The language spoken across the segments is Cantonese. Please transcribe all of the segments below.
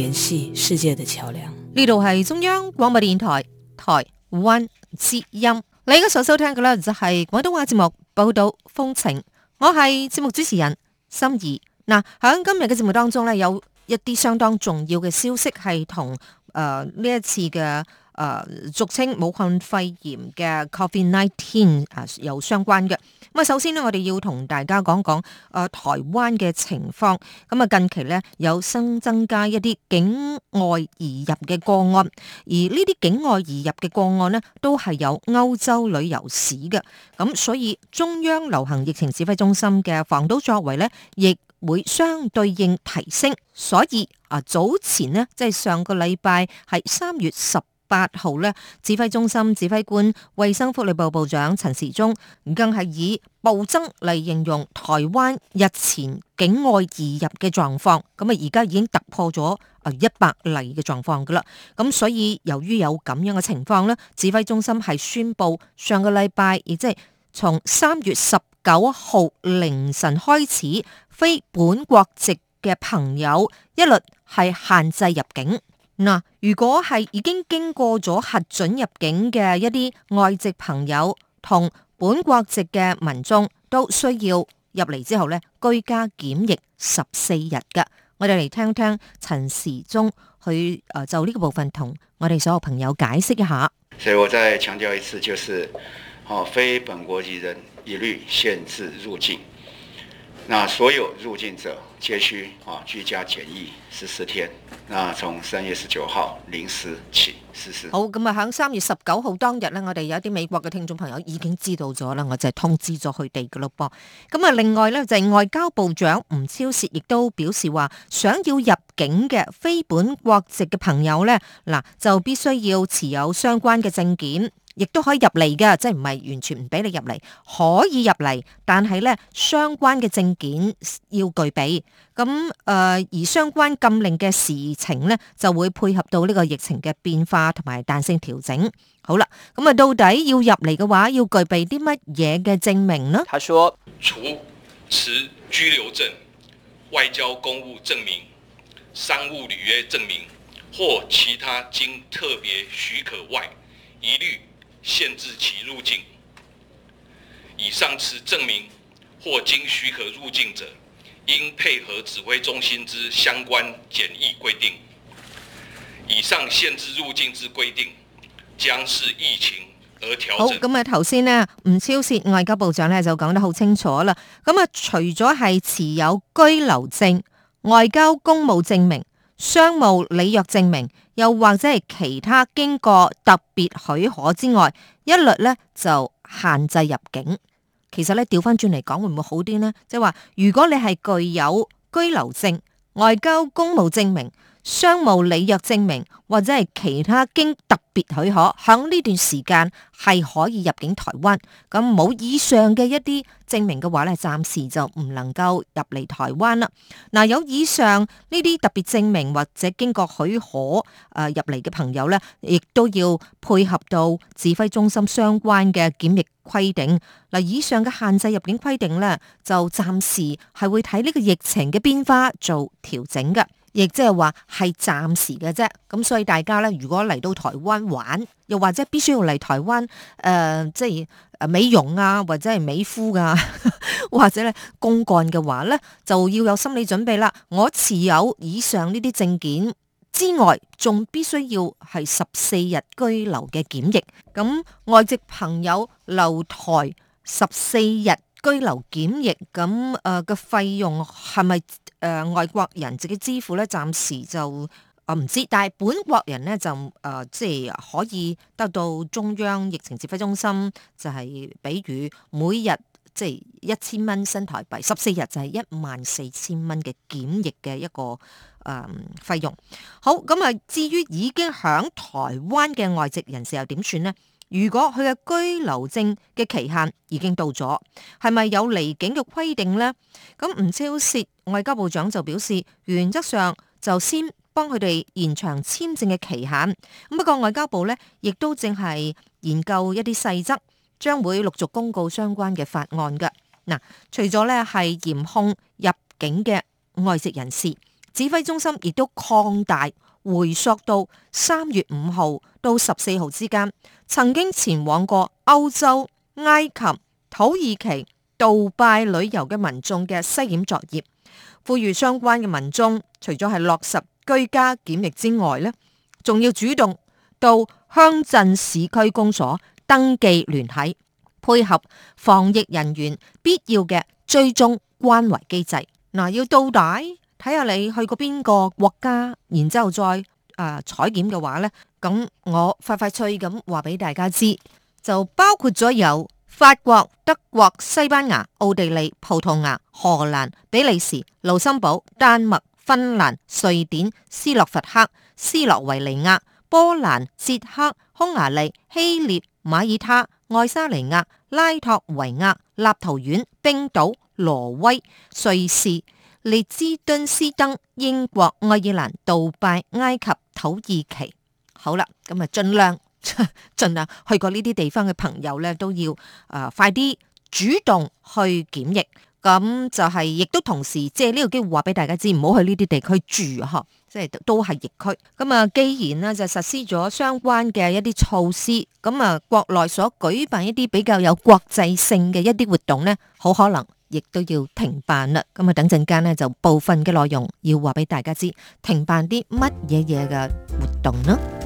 聯繫世界的橋樑，呢度係中央廣播電台台灣之音。你而家所收聽嘅呢，就係廣東話節目報道風情，我係節目主持人心儀。嗱，喺今日嘅節目當中呢，有一啲相當重要嘅消息係同誒呢一次嘅。誒，俗稱武漢肺炎嘅 COVID nineteen 啊，有相關嘅咁啊。首先呢，我哋要同大家講講誒、啊、台灣嘅情況。咁啊，近期呢，有新增加一啲境外移入嘅個案，而呢啲境外移入嘅個案呢，都係有歐洲旅遊史嘅，咁所以中央流行疫情指揮中心嘅防堵作為呢，亦會相對應提升。所以啊，早前呢，即、就、係、是、上個禮拜係三月十八號呢，指揮中心指揮官、衛生福利部部長陳時中更係以暴增嚟形容台灣日前境外移入嘅狀況。咁啊，而家已經突破咗啊一百例嘅狀況噶啦。咁所以由於有咁樣嘅情況呢，指揮中心係宣布上個禮拜，亦即係從三月十九號凌晨開始，非本國籍嘅朋友一律係限制入境。嗱，如果係已經經過咗核准入境嘅一啲外籍朋友同本國籍嘅民眾，都需要入嚟之後呢，居家檢疫十四日㗎。我哋嚟聽聽陳時中去誒就呢個部分同我哋所有朋友解釋一下。所以我再強調一次，就是非本國籍人一律限制入境，所有入境者皆需啊居，居家檢疫十四天。那從三月十九號零時起實施。是是好，咁啊，喺三月十九號當日呢，我哋有一啲美國嘅聽眾朋友已經知道咗啦，我就係通知咗佢哋噶咯噃。咁啊，另外呢，就係、是、外交部長吳釗燮亦都表示話，想要入境嘅非本國籍嘅朋友呢，嗱就必須要持有相關嘅證件。亦都可以入嚟嘅，即係唔係完全唔俾你入嚟，可以入嚟，但係咧相關嘅證件要具備。咁誒，而相關禁令嘅時程咧，就會配合到呢個疫情嘅變化同埋彈性調整。好啦，咁啊，到底要入嚟嘅話，要具備啲乜嘢嘅證明呢？他說，除持居留證、外交公務證明、商務履約證明或其他經特別許可外，一律。限制其入境。以上持證明或經許可入境者，應配合指揮中心之相關檢疫規定。以上限制入境之規定，將視疫情而調整。好，咁啊，頭先呢，吳釗燮外交部長呢，就講得好清楚啦。咁啊，除咗係持有居留證、外交公務證明、商務履約證明。又或者係其他經過特別許可之外，一律咧就限制入境。其實咧掉返轉嚟講，會唔會好啲呢？即係話如果你係具有居留證、外交公務證明。商務履約證明或者係其他經特別許可，喺呢段時間係可以入境台灣。咁冇以上嘅一啲證明嘅話呢，暫時就唔能夠入嚟台灣啦。嗱，有以上呢啲特別證明或者經過許可誒入嚟嘅朋友呢，亦都要配合到指揮中心相關嘅檢疫規定。嗱，以上嘅限制入境規定呢，就暫時係會睇呢個疫情嘅變化做調整嘅。亦即係話係暫時嘅啫，咁所以大家咧，如果嚟到台灣玩，又或者必須要嚟台灣，誒、呃，即係美容啊，或者係美膚噶、啊， 或者咧公幹嘅話咧，就要有心理準備啦。我持有以上呢啲證件之外，仲必須要係十四日居留嘅檢疫。咁外籍朋友留台十四日居留檢疫，咁誒個費用係咪？誒、呃、外國人自己支付咧，暫時就我唔、嗯、知，但係本國人咧就誒、呃、即係可以得到中央疫情指費揮中心就係、是，比如每日即係一千蚊新台幣，十四日就係一萬四千蚊嘅檢疫嘅一個誒、呃、費用。好咁啊、嗯，至於已經喺台灣嘅外籍人士又點算咧？如果佢嘅居留證嘅期限已經到咗，係咪有離境嘅規定呢？咁吳釗燮，外交部長就表示，原則上就先幫佢哋延長簽證嘅期限。咁不過外交部呢，亦都正係研究一啲細則，將會陸續公告相關嘅法案㗎。嗱，除咗呢係嚴控入境嘅外籍人士，指揮中心亦都擴大。回溯到三月五號到十四號之間，曾經前往過歐洲、埃及、土耳其、杜拜旅遊嘅民眾嘅篩檢作業，呼籲相關嘅民眾除咗係落實居家檢疫之外，呢仲要主動到鄉鎮市區公所登記聯繫，配合防疫人員必要嘅追蹤關懷機制。嗱，要到底。睇下你去過邊個國家，然之後再誒採檢嘅話咧，咁我快快脆咁話俾大家知，就包括咗有法國、德國、西班牙、奧地利、葡萄牙、荷蘭、比利時、盧森堡、丹麥、芬蘭、瑞典、斯洛伐克、斯洛維尼亞、波蘭、捷克、匈牙利、希臘、馬耳他、愛沙尼亞、拉脫維亞、立陶宛、冰島、挪威、瑞士。列支敦斯登、英國、愛爾蘭、杜拜、埃及、土耳其，好啦，咁啊，盡量盡量去過呢啲地方嘅朋友咧，都要誒、呃、快啲主動去檢疫。咁就係、是、亦都同時借呢個機會話俾大家知，唔好去呢啲地區住呵，即係都係疫區。咁啊，既然呢，就實施咗相關嘅一啲措施，咁啊，國內所舉辦一啲比較有國際性嘅一啲活動咧，好可能。亦都要停辦啦，咁啊，等陣間咧就部分嘅內容要話俾大家知，停辦啲乜嘢嘢嘅活動啦。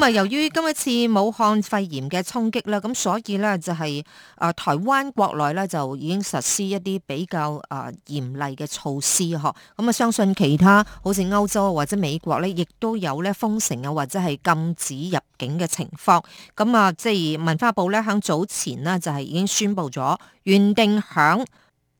咁啊，由於今一次武漢肺炎嘅衝擊咧，咁所以咧就係啊，台灣國內咧就已經實施一啲比較啊嚴厲嘅措施呵。咁啊，相信其他好似歐洲啊或者美國咧，亦都有咧封城啊或者係禁止入境嘅情況。咁啊，即係文化部咧，響早前呢就係已經宣布咗原定響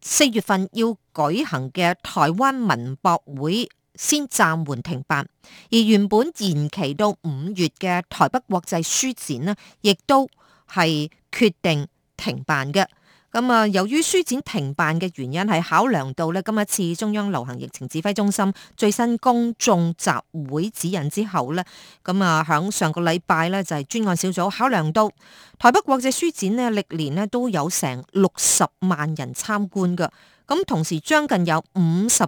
四月份要舉行嘅台灣文博會。先暫緩停辦，而原本延期到五月嘅台北國際書展呢亦都係決定停辦嘅。咁啊，由於書展停辦嘅原因係考量到咧今一次中央流行疫情指揮中心最新公眾集會指引之後咧，咁啊響上個禮拜咧就係專案小組考量到台北國際書展咧歷年咧都有成六十萬人參觀嘅，咁同時將近有五十。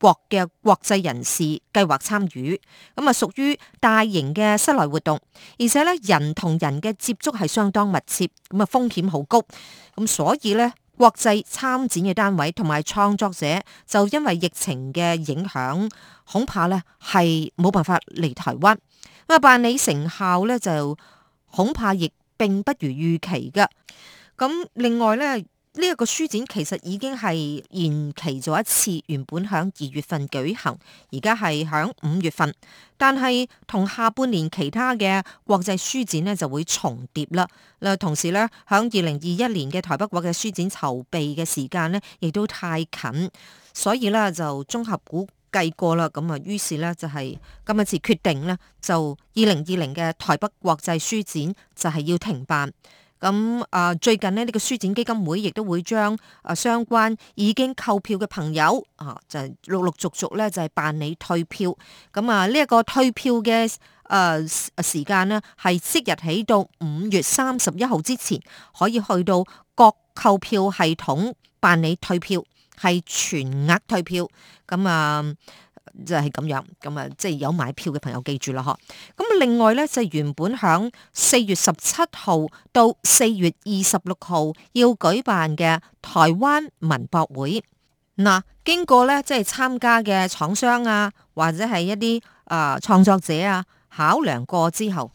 國嘅國際人士計劃參與，咁啊屬於大型嘅室內活動，而且咧人同人嘅接觸係相當密切，咁啊風險好高，咁所以呢，國際參展嘅單位同埋創作者就因為疫情嘅影響，恐怕呢係冇辦法嚟台灣，咁啊辦理成效呢，就恐怕亦並不如預期噶，咁另外呢。呢一個書展其實已經係延期咗一次，原本喺二月份舉行，而家係喺五月份。但係同下半年其他嘅國際書展呢就會重疊啦。嗱，同時咧喺二零二一年嘅台北國際書展籌備嘅時間呢亦都太近，所以咧就綜合估計過啦。咁啊，於是咧就係今日次決定咧，就二零二零嘅台北國際書展就係要停辦。咁啊，最近呢，呢個書展基金會亦都會將啊相關已經購票嘅朋友啊，就係陸陸續續咧就係辦理退票。咁啊呢一個退票嘅誒時間咧係即日起到五月三十一號之前，可以去到各購票系統辦理退票，係全額退票。咁啊。即係咁樣，咁啊，即係有買票嘅朋友記住啦，嗬。咁另外咧，就係原本響四月十七號到四月二十六號要舉辦嘅台灣文博會，嗱，經過咧即係參加嘅廠商啊，或者係一啲啊創作者啊，考量過之後，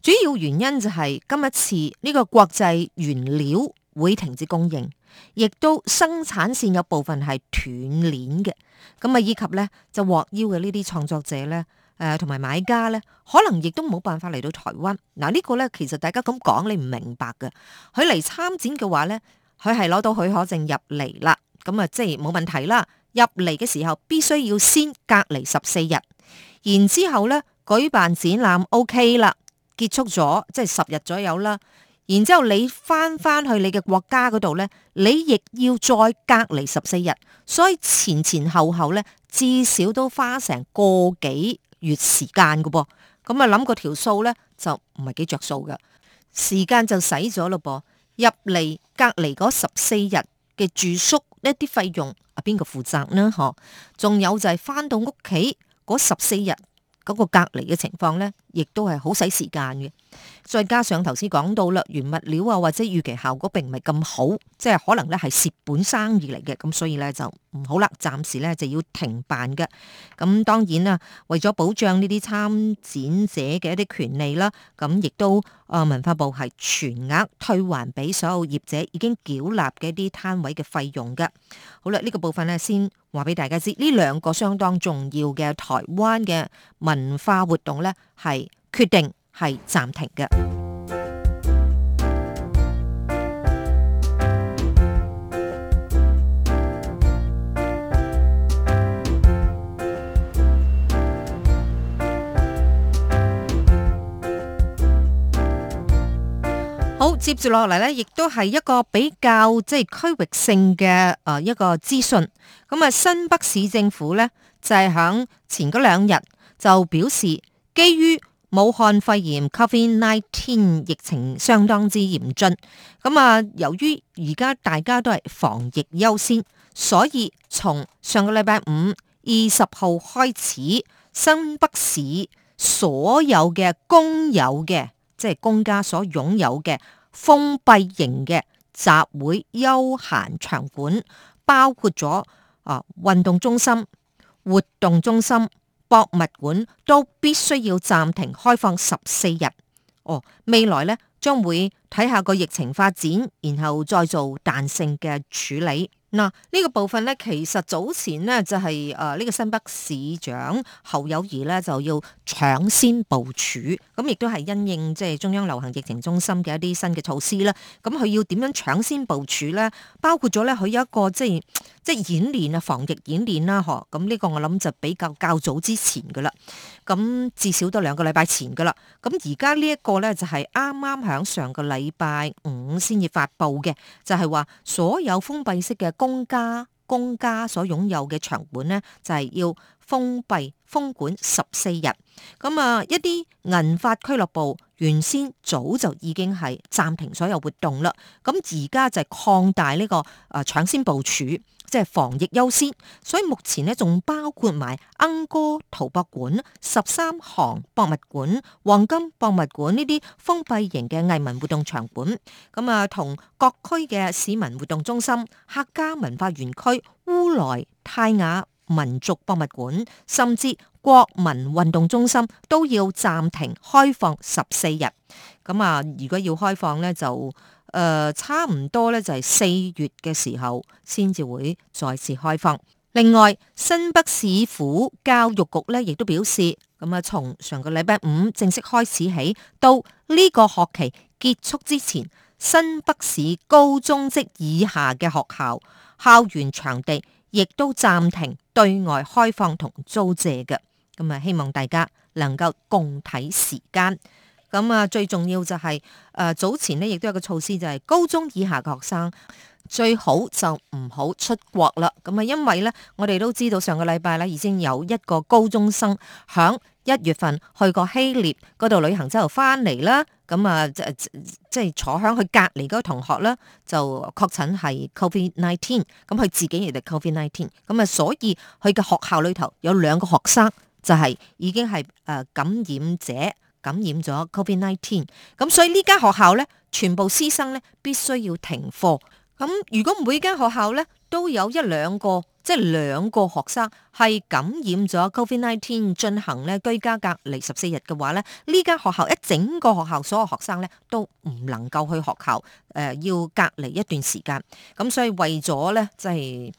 主要原因就係今一次呢個國際原料會停止供應。亦都生產線有部分係斷鏈嘅，咁啊，以及咧就獲邀嘅呢啲創作者咧，誒、呃，同埋買家咧，可能亦都冇辦法嚟到台灣。嗱、呃，這個、呢個咧其實大家咁講你唔明白㗎，佢嚟參展嘅話咧，佢係攞到許可證入嚟啦，咁啊，即係冇問題啦。入嚟嘅時候必須要先隔離十四日，然之後咧舉辦展覽 OK 啦，結束咗即係十日左右啦。然之後你翻翻去你嘅國家嗰度咧，你亦要再隔離十四日，所以前前後後咧至少都花成個幾月時間㗎噃，咁啊，諗個條數咧就唔係幾着數嘅，時間就使咗咯噃。入嚟隔離嗰十四日嘅住宿一啲費用啊，邊個負責呢？嗬？仲有就係翻到屋企嗰十四日嗰個隔離嘅情況咧，亦都係好使時間嘅。再加上頭先講到啦，原物料啊或者預期效果並唔係咁好，即係可能咧係蝕本生意嚟嘅，咁所以咧就唔好啦，暫時咧就要停辦嘅。咁當然啦，為咗保障呢啲參展者嘅一啲權利啦，咁亦都誒文化部係全額退還俾所有業者已經繳納嘅一啲攤位嘅費用嘅。好啦，呢個部分咧先話俾大家知，呢兩個相當重要嘅台灣嘅文化活動咧係決定係暫停嘅。好，接住落嚟呢，亦都係一個比較即係區域性嘅誒一個資訊。咁、嗯、啊，新北市政府呢，就喺響前嗰兩日就表示，基於。武漢肺炎 COVID-19 疫情相當之嚴峻，咁啊，由於而家大家都係防疫優先，所以從上個禮拜五二十號開始，新北市所有嘅公有嘅即係公家所擁有嘅封閉型嘅集會休閒場館，包括咗啊運動中心、活動中心。博物館都必須要暫停開放十四日。哦，未來呢，將會睇下個疫情發展，然後再做彈性嘅處理。嗱，呢個部分呢，其實早前呢，就係誒呢個新北市長侯友宜呢，就要搶先部署，咁亦都係因應即係中央流行疫情中心嘅一啲新嘅措施啦。咁佢要點樣搶先部署呢？包括咗呢，佢有一個即係即係演練啊，防疫演練啦，嗬。咁呢個我諗就比較較早之前㗎喇。咁至少都兩個禮拜前㗎喇。咁而家呢一個呢，就係啱啱喺上個禮拜五先至發布嘅，就係話所有封閉式嘅。公家公家所擁有嘅場館咧，就係、是、要封閉封管十四日。咁、嗯、啊，一啲銀髮俱樂部原先早就已經係暫停所有活動啦。咁而家就係擴大呢、這個啊、呃、搶先部署。即係防疫優先，所以目前呢，仲包括埋鶯歌陶博館、十三行博物館、黃金博物館呢啲封閉型嘅藝文活動場館，咁啊同各區嘅市民活動中心、客家文化園區、烏來泰雅民族博物館，甚至國民運動中心都要暫停開放十四日。咁啊，如果要開放呢，就誒、呃，差唔多咧，就係四月嘅時候，先至會再次開放。另外，新北市府教育局咧，亦都表示，咁、嗯、啊，從上個禮拜五正式開始起，到呢個學期結束之前，新北市高中職以下嘅學校校園場地，亦都暫停對外開放同租借嘅。咁、嗯、啊，希望大家能夠共體時艱。咁啊，最重要就係誒，早前咧亦都有個措施，就係、是、高中以下嘅學生最好就唔好出國啦。咁啊，因為咧，我哋都知道上個禮拜咧已經有一個高中生響一月份去過希臘嗰度旅行之後翻嚟啦。咁啊，即係即係坐響佢隔籬嗰個同學啦，就確診係 Covid nineteen。咁佢自己亦都 Covid nineteen。咁啊，所以佢嘅學校裏頭有兩個學生就係已經係誒感染者。感染咗 Covid nineteen，咁所以呢間學校咧，全部師生咧必須要停課。咁如果每間學校咧都有一兩個，即係兩個學生係感染咗 Covid nineteen，進行咧居家隔離十四日嘅話咧，呢間學校一整個學校所有學生咧都唔能夠去學校，誒要隔離一段時間。咁所以為咗咧，即係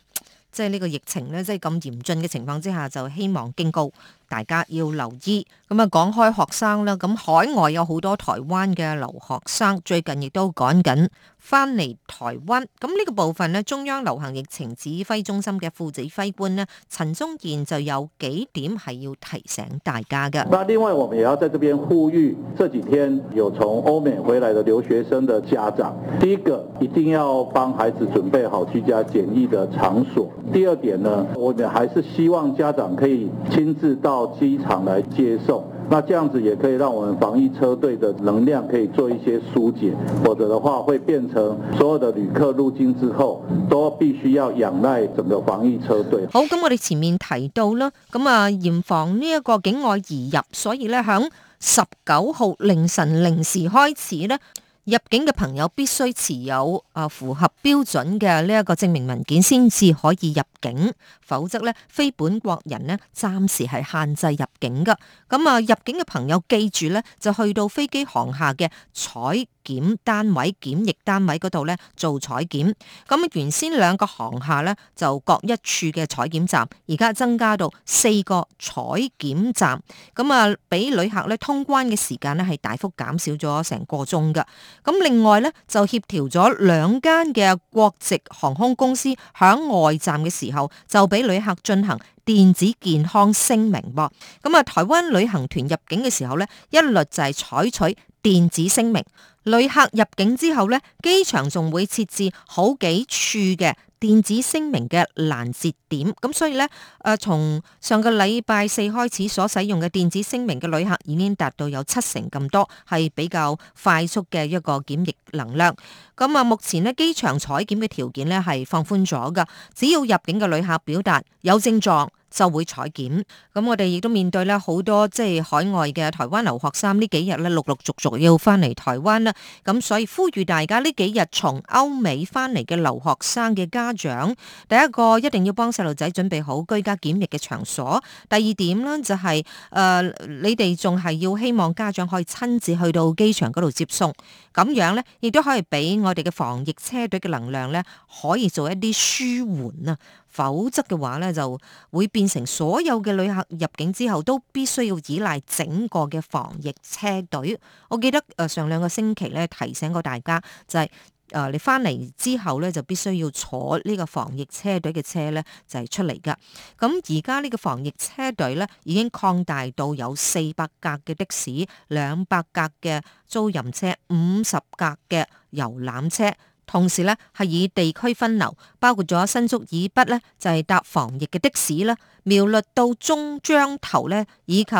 即係呢個疫情咧，即係咁嚴峻嘅情況之下，就希望警告。大家要留意咁啊！講開學生啦，咁海外有好多台灣嘅留學生，最近亦都趕緊翻嚟台灣。咁呢個部分咧，中央流行疫情指揮中心嘅副指揮官呢陳宗彥，就有幾點係要提醒大家嘅。那另外，我們也要在這邊呼籲，這幾天有從歐美回來的留學生的家長，第一個一定要幫孩子準備好居家檢疫的場所。第二點呢，我哋還是希望家長可以親自到。機場來接受，那這樣子也可以讓我們防疫車隊的能量可以做一些疏解，否則的話會變成所有的旅客入境之後都必須要仰賴整個防疫車隊。好，咁我哋前面提到啦，咁啊嚴防呢一個境外移入，所以咧響十九號凌晨零時開始咧。入境嘅朋友必須持有啊符合標準嘅呢一個證明文件先至可以入境，否則咧非本國人咧暫時係限制入境噶。咁啊入境嘅朋友記住咧就去到飛機航廈嘅採。檢單位檢疫單位嗰度咧做採檢，咁原先兩個航下咧就各一處嘅採檢站，而家增加到四個採檢站，咁啊，俾旅客咧通關嘅時間呢，係大幅減少咗成個鐘噶。咁另外咧就協調咗兩間嘅國籍航空公司響外站嘅時候就俾旅客進行電子健康聲明，咁啊，台灣旅行團入境嘅時候咧一律就係採取電子聲明。旅客入境之後呢，機場仲會設置好幾處嘅電子聲明嘅攔截點，咁所以呢，誒、呃、從上個禮拜四開始所使用嘅電子聲明嘅旅客已經達到有七成咁多，係比較快速嘅一個檢疫能量。咁啊，目前呢，機場採檢嘅條件呢係放寬咗㗎，只要入境嘅旅客表達有症狀。就會採檢，咁我哋亦都面對咧好多即係海外嘅台灣留學生，呢幾日咧陸陸續續要翻嚟台灣啦，咁所以呼籲大家呢幾日從歐美翻嚟嘅留學生嘅家長，第一個一定要幫細路仔準備好居家檢疫嘅場所，第二點呢，就是，就係誒你哋仲係要希望家長可以親自去到機場嗰度接送，咁樣呢，亦都可以俾我哋嘅防疫車隊嘅能量呢，可以做一啲舒緩啊。否則嘅話咧，就會變成所有嘅旅客入境之後都必須要依賴整個嘅防疫車隊。我記得誒上兩個星期咧提醒過大家，就係、是、誒你翻嚟之後咧就必須要坐呢個防疫車隊嘅車咧就係出嚟噶。咁而家呢個防疫車隊咧已經擴大到有四百格嘅的，的士、兩百格嘅租賃車、五十格嘅遊覽車。同時咧係以地區分流，包括咗新竹以北咧就係、是、搭防疫嘅的，的士啦，苗栗到中彰投咧以及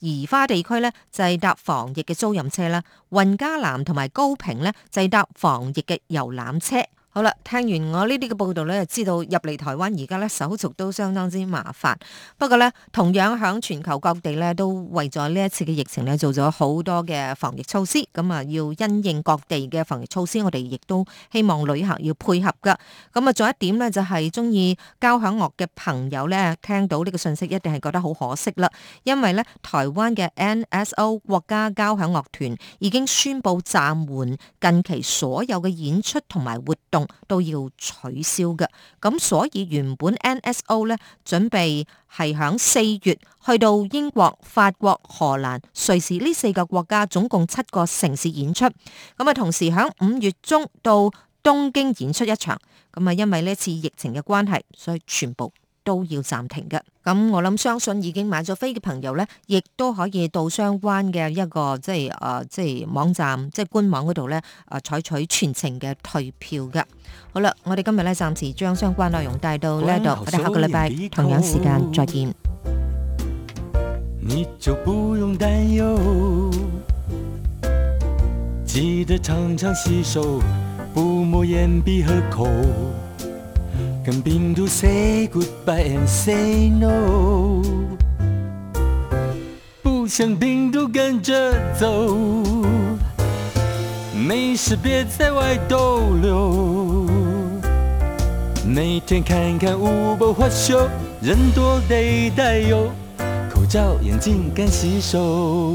宜花地區咧就係、是、搭防疫嘅租賃車啦，雲嘉南同埋高屏咧就係、是、搭防疫嘅遊覽車。好啦，聽完我呢啲嘅報道咧，就知道入嚟台灣而家咧手續都相當之麻煩。不過呢，同樣響全球各地呢，都為咗呢一次嘅疫情呢，做咗好多嘅防疫措施。咁啊，要因應各地嘅防疫措施，我哋亦都希望旅客要配合噶。咁啊，仲有一點呢，就係中意交響樂嘅朋友呢，聽到呢個信息一定係覺得好可惜啦。因為呢，台灣嘅 NSO 國家交響樂團已經宣布暫緩近期所有嘅演出同埋活動。都要取消嘅，咁所以原本 NSO 咧準備係響四月去到英國、法國、荷蘭、瑞士呢四個國家總共七個城市演出，咁啊同時響五月中到東京演出一場，咁啊因為呢次疫情嘅關係，所以全部。都要暫停嘅，咁我諗相信已經買咗飛嘅朋友呢，亦都可以到相關嘅一個即係誒、呃、即係網站即係官網嗰度呢，誒、啊、採取全程嘅退票嘅。好啦，我哋今日呢，暫時將相關內容帶到呢度，好我哋下個禮拜同樣時間再見。跟病毒 say goodbye and say no，不想病毒跟着走，沒事別在外逗留，每天看看五步花袖，人多得戴口罩、眼鏡、乾洗手。